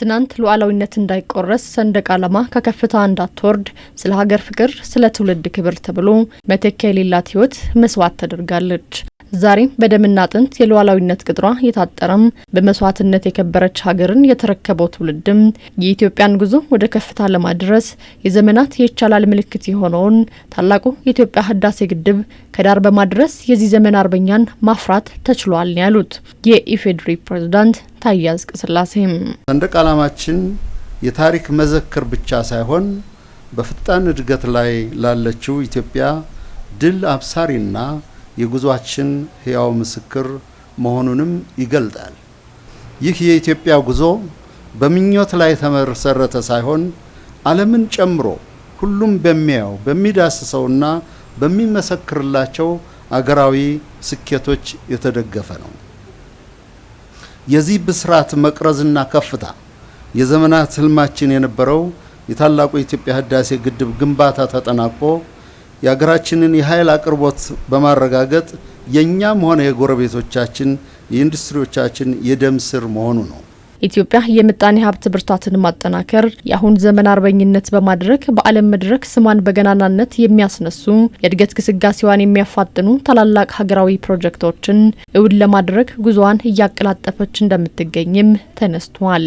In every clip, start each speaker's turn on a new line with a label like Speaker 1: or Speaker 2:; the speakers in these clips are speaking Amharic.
Speaker 1: ትናንት ሉዓላዊነት እንዳይቆረስ ሰንደቅ ዓላማ ከከፍታ እንዳትወርድ ስለ ሀገር ፍቅር፣ ስለ ትውልድ ክብር ተብሎ መተኪያ የሌላት ህይወት መስዋዕት ተደርጋለች። ዛሬም በደምና አጥንት የሉዓላዊነት ቅጥሯ የታጠረም በመስዋዕትነት የከበረች ሀገርን የተረከበው ትውልድም የኢትዮጵያን ጉዞ ወደ ከፍታ ለማድረስ የዘመናት የይቻላል ምልክት የሆነውን ታላቁ የኢትዮጵያ ህዳሴ ግድብ ከዳር በማድረስ የዚህ ዘመን አርበኛን ማፍራት ተችሏል ያሉት የኢፌዴሪ ፕሬዝዳንት ታዬ ሰንደቅ
Speaker 2: ፕሮግራማችን የታሪክ መዘክር ብቻ ሳይሆን በፍጣን እድገት ላይ ላለችው ኢትዮጵያ ድል አብሳሪና የጉዟችን ህያው ምስክር መሆኑንም ይገልጣል። ይህ የኢትዮጵያ ጉዞ በምኞት ላይ የተመሰረተ ሳይሆን ዓለምን ጨምሮ ሁሉም በሚያየው በሚዳስሰውና በሚመሰክርላቸው አገራዊ ስኬቶች የተደገፈ ነው። የዚህ ብስራት መቅረዝና ከፍታ የዘመናት ህልማችን የነበረው የታላቁ የኢትዮጵያ ህዳሴ ግድብ ግንባታ ተጠናቆ የሀገራችንን የኃይል አቅርቦት በማረጋገጥ የእኛም ሆነ የጎረቤቶቻችን የኢንዱስትሪዎቻችን የደም ስር መሆኑ ነው።
Speaker 1: ኢትዮጵያ የምጣኔ ሀብት ብርታትን ማጠናከር የአሁን ዘመን አርበኝነት በማድረግ በዓለም መድረክ ስሟን በገናናነት የሚያስነሱ የእድገት ግስጋሴዋን የሚያፋጥኑ ታላላቅ ሀገራዊ ፕሮጀክቶችን እውን ለማድረግ ጉዞዋን እያቀላጠፈች እንደምትገኝም ተነስቷል።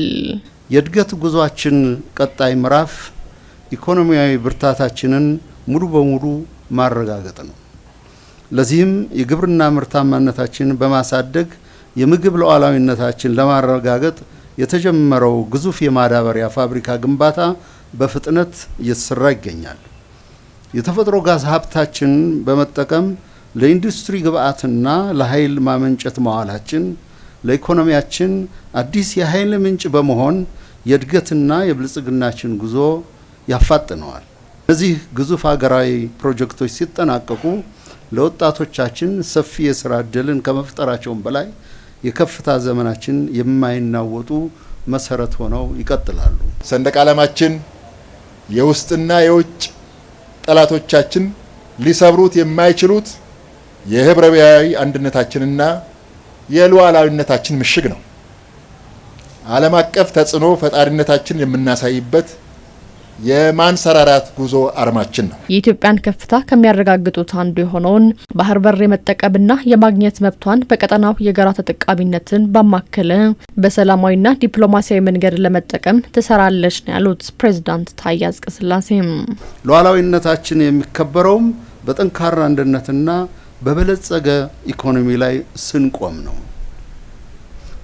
Speaker 2: የእድገት ጉዟችን ቀጣይ ምዕራፍ ኢኮኖሚያዊ ብርታታችንን ሙሉ በሙሉ ማረጋገጥ ነው። ለዚህም የግብርና ምርታማነታችንን በማሳደግ የምግብ ሉዓላዊነታችን ለማረጋገጥ የተጀመረው ግዙፍ የማዳበሪያ ፋብሪካ ግንባታ በፍጥነት እየተሰራ ይገኛል። የተፈጥሮ ጋዝ ሀብታችንን በመጠቀም ለኢንዱስትሪ ግብዓትና ለኃይል ማመንጨት መዋላችን ለኢኮኖሚያችን አዲስ የኃይል ምንጭ በመሆን የእድገትና የብልጽግናችን ጉዞ ያፋጥነዋል። እነዚህ ግዙፍ ሀገራዊ ፕሮጀክቶች ሲጠናቀቁ ለወጣቶቻችን ሰፊ የስራ እድልን ከመፍጠራቸውም በላይ የከፍታ ዘመናችን የማይናወጡ መሰረት ሆነው ይቀጥላሉ።
Speaker 3: ሰንደቅ ዓላማችን የውስጥና የውጭ ጠላቶቻችን ሊሰብሩት የማይችሉት የህብረ ብሔራዊ አንድነታችንና የሉዓላዊነታችን ምሽግ ነው። ዓለም አቀፍ ተጽዕኖ ፈጣሪነታችን የምናሳይበት የማንሰራራት ጉዞ አርማችን ነው።
Speaker 1: የኢትዮጵያን ከፍታ ከሚያረጋግጡት አንዱ የሆነውን ባህር በር የመጠቀምና የማግኘት መብቷን በቀጠናው የጋራ ተጠቃሚነትን ባማከለ በሰላማዊና ዲፕሎማሲያዊ መንገድ ለመጠቀም ትሰራለች ነው ያሉት ፕሬዚዳንት ታዬ አጽቀሥላሴ።
Speaker 2: ሉዓላዊነታችን የሚከበረውም በጠንካራ አንድነትና በበለጸገ ኢኮኖሚ ላይ ስንቆም ነው።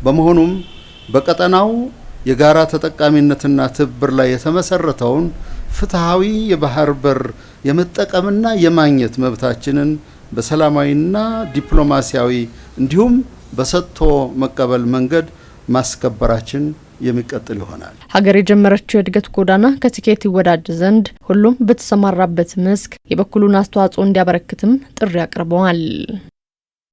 Speaker 2: በመሆኑም በቀጠናው የጋራ ተጠቃሚነትና ትብብር ላይ የተመሰረተውን ፍትሐዊ የባህር በር የመጠቀምና የማግኘት መብታችንን በሰላማዊና ዲፕሎማሲያዊ እንዲሁም በሰጥቶ መቀበል መንገድ ማስከበራችን የሚቀጥል ይሆናል።
Speaker 1: ሀገር የጀመረችው የእድገት ጎዳና ከስኬት ይወዳጅ ዘንድ ሁሉም በተሰማራበት መስክ የበኩሉን አስተዋጽኦ እንዲያበረክትም ጥሪ አቅርበዋል።